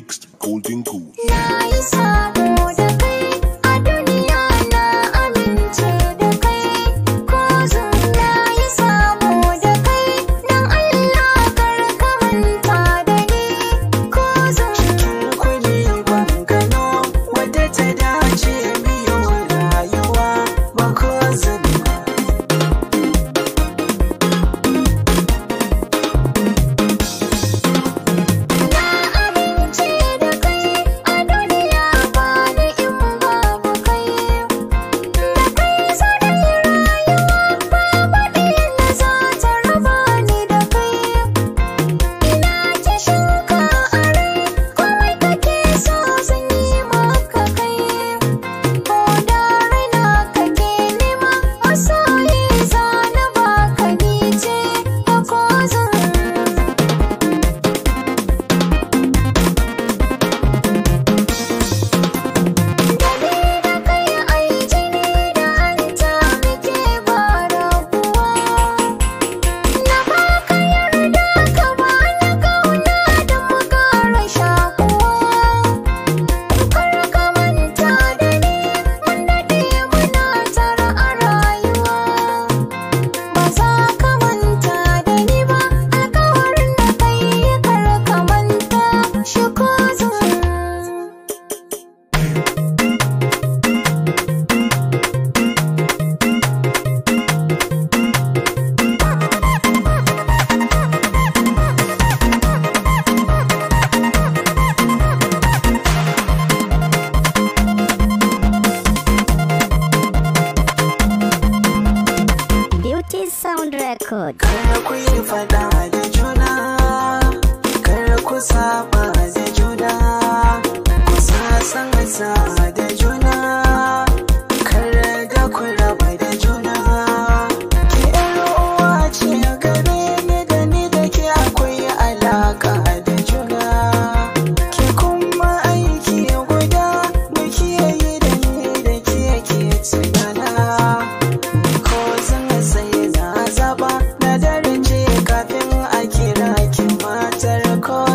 mixed golden cool. Sound Record. Kar ku yi fada da juna, kar ku saba zai